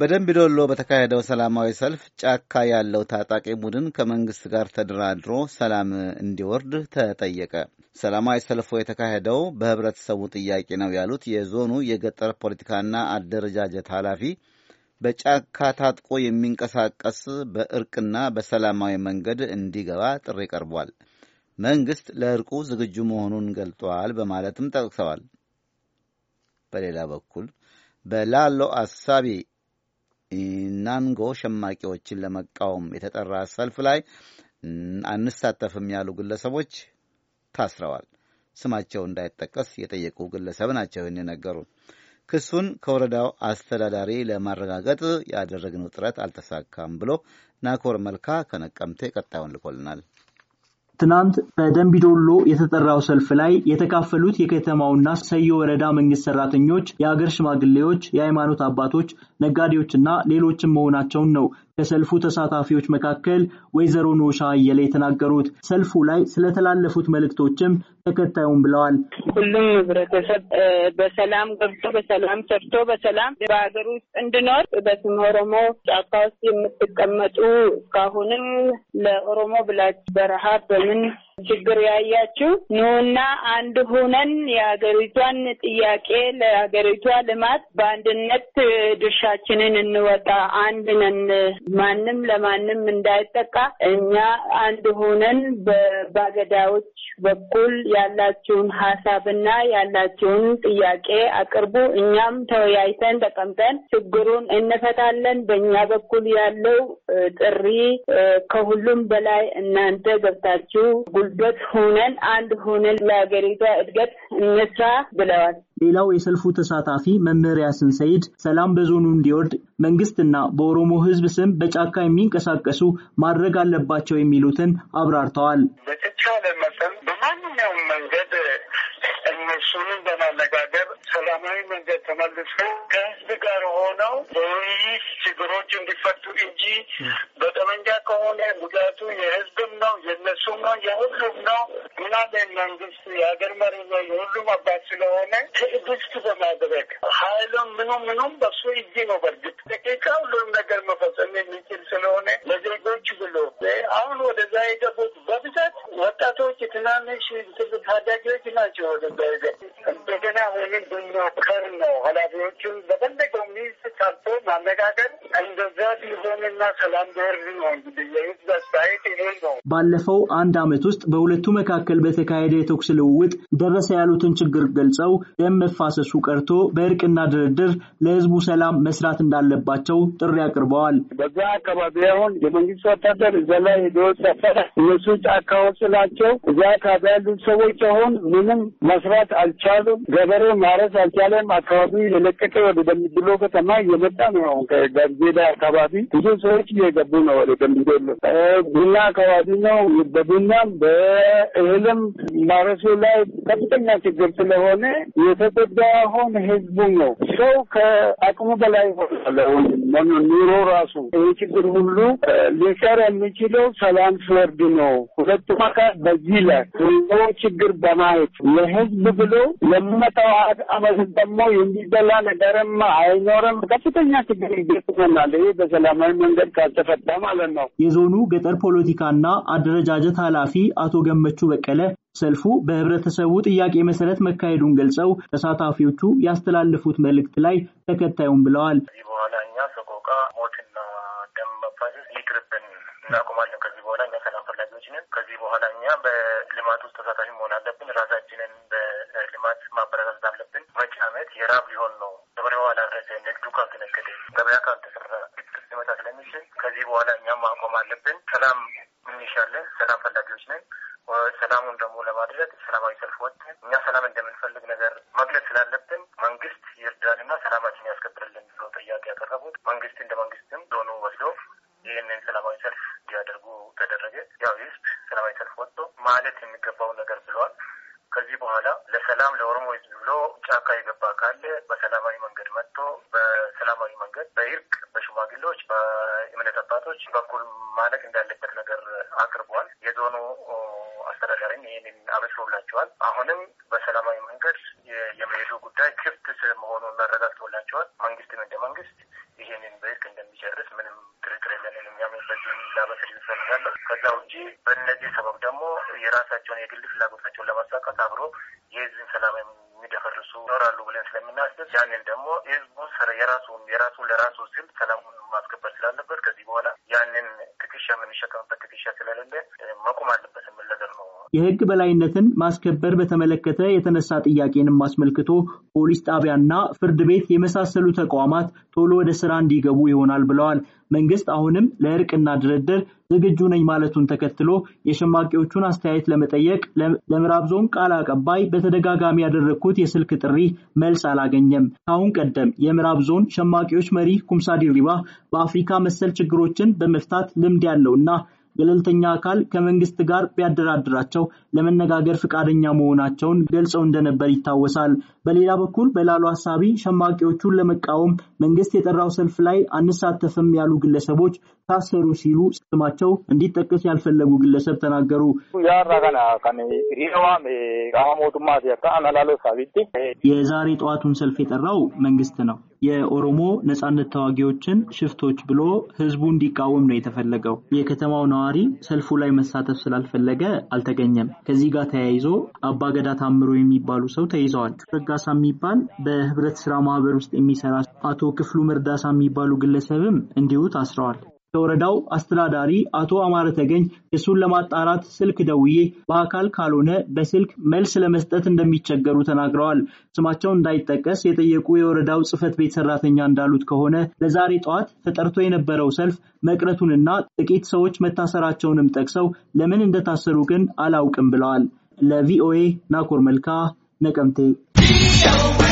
በደንቢ ዶሎ በተካሄደው ሰላማዊ ሰልፍ ጫካ ያለው ታጣቂ ቡድን ከመንግስት ጋር ተደራድሮ ሰላም እንዲወርድ ተጠየቀ። ሰላማዊ ሰልፉ የተካሄደው በህብረተሰቡ ጥያቄ ነው ያሉት የዞኑ የገጠር ፖለቲካና አደረጃጀት ኃላፊ በጫካ ታጥቆ የሚንቀሳቀስ በእርቅና በሰላማዊ መንገድ እንዲገባ ጥሪ ቀርቧል። መንግስት ለእርቁ ዝግጁ መሆኑን ገልጧል በማለትም ጠቅሰዋል። በሌላ በኩል በላሎ አሳቢ ኢናንጎ ሸማቂዎችን ለመቃወም የተጠራ ሰልፍ ላይ አንሳተፍም ያሉ ግለሰቦች ታስረዋል። ስማቸው እንዳይጠቀስ የጠየቁ ግለሰብ ናቸው ይህን የነገሩ። ክሱን ከወረዳው አስተዳዳሪ ለማረጋገጥ ያደረግነው ጥረት አልተሳካም ብሎ ናኮር መልካ ከነቀምቴ ቀጣዩን ልኮልናል። ትናንት በደንቢዶሎ የተጠራው ሰልፍ ላይ የተካፈሉት የከተማውና ሰዮ ወረዳ መንግስት ሰራተኞች፣ የአገር ሽማግሌዎች፣ የሃይማኖት አባቶች፣ ነጋዴዎችና ሌሎችም መሆናቸውን ነው ከሰልፉ ተሳታፊዎች መካከል ወይዘሮ ኖሻ አየለ የተናገሩት ሰልፉ ላይ ስለተላለፉት መልእክቶችም ተከታዩም ብለዋል። ሁሉም ህብረተሰብ በሰላም ገብቶ በሰላም ሰርቶ በሰላም በሀገር ውስጥ እንድኖር በስም ኦሮሞ ጫካ ውስጥ የምትቀመጡ እስካሁንም ለኦሮሞ ብላችሁ በረሀብ በምን ችግር ያያችሁ ኑና አንድ ሁነን የሀገሪቷን ጥያቄ ለሀገሪቷ ልማት በአንድነት ድርሻችንን እንወጣ አንድ ነን ማንም ለማንም እንዳይጠቃ እኛ አንድ ሆነን በባገዳዎች በኩል ያላችሁን ሀሳብና ያላችሁን ጥያቄ አቅርቡ። እኛም ተወያይተን ተቀምጠን ችግሩን እንፈታለን። በእኛ በኩል ያለው ጥሪ ከሁሉም በላይ እናንተ ገብታችሁ ጉልበት ሆነን አንድ ሆነን ለሀገሪቷ እድገት እንስራ ብለዋል። ሌላው የሰልፉ ተሳታፊ መምህር ስንሰይድ ሰይድ ሰላም በዞኑ እንዲወርድ መንግስትና በኦሮሞ ህዝብ ስም በጫካ የሚንቀሳቀሱ ማድረግ አለባቸው የሚሉትን አብራርተዋል። በተቻለ መጠን በማንኛውም መንገድ እነሱንም በማነጋገር ሰላማዊ መንገድ ተመልሶ ከህዝብ ጋር ሆነው በውይይት ችግሮች እንዲፈቱ እንጂ በጠመንጃ ከሆነ ጉዳቱ የህዝብ የእሱም ነው የሁሉም ነው ምናምን መንግስት የሀገር መሪ ነው የሁሉም አባት ስለሆነ ትዕግስት በማድረግ ሀይልም ምኑ ምኑም በሱ እጅ ነው። በእርግጥ ደቂቃ ሁሉም ነገር መፈጸም የሚችል ስለሆነ ለዜጎች ብሎ አሁን ወደዛ የገቡት በብዛት ወጣቶች፣ ትናንሽ ታዳጊዎች ናቸው ወደዛ የገቡት በገና ሆንን ብንሞክር ነው። ኃላፊዎቹን በፈለገው ሚዝ ቀርቶ ማነጋገር እንደዛ ሊሆንና ሰላም ብሄር ነው። እንግዲህ የህዝብ አስተያየት ይሄ ነው። ባለፈው አንድ ዓመት ውስጥ በሁለቱ መካከል በተካሄደ የተኩስ ልውውጥ ደረሰ ያሉትን ችግር ገልጸው ደም መፋሰሱ ቀርቶ በእርቅና ድርድር ለህዝቡ ሰላም መስራት እንዳለባቸው ጥሪ አቅርበዋል። በዛ አካባቢ አሁን የመንግስት ወታደር እዛ ላይ ሄዶ ሰፈረ። እነሱ ጫካዎች ስላቸው እዛ አካባቢ ያሉት ሰዎች አሁን ምንም መስራት አልቻሉ ገበሬ ማረስ አልቻለም። አካባቢ የለቀቀ ወደ ደምቢዶሎ ከተማ እየመጣ ነው። አሁን ከጋዜዳ አካባቢ ብዙ ሰዎች እየገቡ ነው ወደ ደምቢዶሎ። ቡና አካባቢ ነው። በቡናም በእህልም ማረሱ ላይ ከፍተኛ ችግር ስለሆነ የተጎዳ አሁን ህዝቡ ነው። ሰው ከአቅሙ በላይ ሆናለ ለምን ኑሮ ራሱ ይህ ችግር ሁሉ ሊሰር የሚችለው ሰላም ስወርድ ነው። ሁለቱም አካል በዚህ ላይ ችግር በማየት ለህዝብ ብሎ ለሚመጣው አመት ደግሞ የሚበላ ነገርም አይኖርም። ከፍተኛ ችግር ይገጥመናል። ይህ በሰላማዊ መንገድ ካልተፈታ ማለት ነው። የዞኑ ገጠር ፖለቲካና አደረጃጀት ኃላፊ አቶ ገመቹ በቀለ ሰልፉ በህብረተሰቡ ጥያቄ መሰረት መካሄዱን ገልጸው ተሳታፊዎቹ ያስተላለፉት መልእክት ላይ ተከታዩም ብለዋል። እናቆማለን። ከዚህ በኋላ እኛ ሰላም ፈላጊዎች ነን። ከዚህ በኋላ እኛ በልማት ውስጥ ተሳታፊ መሆን አለብን። ራሳችንን በልማት ማበረታት አለብን። መጪ ዓመት የራብ ሊሆን ነው። ገበሬው አላረሰ፣ ንግዱ ካልተነገደ፣ ገበያ ካልተሰራ ሊመጣ ስለሚችል ከዚህ በኋላ እኛ ማቆም አለብን። ሰላም እንሻለን። ሰላም ፈላጊዎች ነን። ሰላሙን ደግሞ ለማድረግ ሰላማዊ ሰልፍ ወጥተን እኛ ሰላም እንደምንፈልግ ነገር መግለጽ ስላለብን መንግስት ይርዳንና ሰላማችን ይህንን ሰላማዊ ሰልፍ እንዲያደርጉ ተደረገ። ያው ህዝብ ሰላማዊ ሰልፍ ወጥቶ ማለት የሚገባው ነገር ብለዋል። ከዚህ በኋላ ለሰላም ለኦሮሞ ህዝብ ብሎ ጫካ የገባ ካለ በሰላማዊ መንገድ መጥቶ በሰላማዊ መንገድ በእርቅ በሽማግሌዎች በእምነት አባቶች በኩል ማለቅ እንዳለበት ነገር አቅርቧል። የዞኑ አስተዳዳሪም ይህንን አበስሮላቸዋል። አሁንም በሰላማዊ መንገድ የመሄዱ ጉዳይ ክፍት መሆኑን መረጋግጦላቸዋል። መንግስትም እንደ መንግስት ይህንን በእርቅ እንደሚጨርስ በእነዚህ ሰበብ ደግሞ የራሳቸውን የግል ፍላጎታቸውን ለማሳካት አብሮ የህዝብን ሰላም የሚደፈርሱ ይኖራሉ። ብለን ስለምናስብ ያንን ደግሞ ህዝቡ የራሱ የራሱ ለራሱ ስል ሰላሙን ማስከበር ስላለበት ከዚህ በኋላ ያንን ትከሻ የምንሸከምበት ትከሻ ስለሌለ መቆም አለበት የሚል ነገር ነው። የህግ በላይነትን ማስከበር በተመለከተ የተነሳ ጥያቄንም አስመልክቶ ፖሊስ ጣቢያና ፍርድ ቤት የመሳሰሉ ተቋማት ቶሎ ወደ ስራ እንዲገቡ ይሆናል ብለዋል። መንግስት አሁንም ለእርቅና ድርድር ዝግጁ ነኝ ማለቱን ተከትሎ የሸማቂዎቹን አስተያየት ለመጠየቅ ለምዕራብ ዞን ቃል አቀባይ በተደጋጋሚ ያደረግኩት የስልክ ጥሪ መልስ አላገኘም። ከአሁን ቀደም የምዕራብ ዞን ሸማቂዎች መሪ ኩምሳ ዲሪባ በአፍሪካ መሰል ችግሮችን በመፍታት ልምድ ያለውና ገለልተኛ አካል ከመንግስት ጋር ቢያደራድራቸው ለመነጋገር ፈቃደኛ መሆናቸውን ገልጸው እንደነበር ይታወሳል። በሌላ በኩል በላሉ ሀሳቢ ሸማቂዎቹን ለመቃወም መንግስት የጠራው ሰልፍ ላይ አንሳተፍም ያሉ ግለሰቦች ታሰሩ ሲሉ ስማቸው እንዲጠቀስ ያልፈለጉ ግለሰብ ተናገሩ። የዛሬ ጠዋቱን ሰልፍ የጠራው መንግስት ነው። የኦሮሞ ነጻነት ተዋጊዎችን ሽፍቶች ብሎ ህዝቡ እንዲቃወም ነው የተፈለገው። የከተማው ነዋሪ ሰልፉ ላይ መሳተፍ ስላልፈለገ አልተገኘም። ከዚህ ጋር ተያይዞ አባገዳ ታምሮ የሚባሉ ሰው ተይዘዋል። ረጋሳ የሚባል በህብረት ስራ ማህበር ውስጥ የሚሰራ አቶ ክፍሉ መርዳሳ የሚባሉ ግለሰብም እንዲሁ ታስረዋል። የወረዳው አስተዳዳሪ አቶ አማረ ተገኝ ክሱን ለማጣራት ስልክ ደውዬ በአካል ካልሆነ በስልክ መልስ ለመስጠት እንደሚቸገሩ ተናግረዋል። ስማቸው እንዳይጠቀስ የጠየቁ የወረዳው ጽህፈት ቤት ሰራተኛ እንዳሉት ከሆነ ለዛሬ ጠዋት ተጠርቶ የነበረው ሰልፍ መቅረቱንና ጥቂት ሰዎች መታሰራቸውንም ጠቅሰው ለምን እንደታሰሩ ግን አላውቅም ብለዋል። ለቪኦኤ ናኮር መልካ ነቀምቴ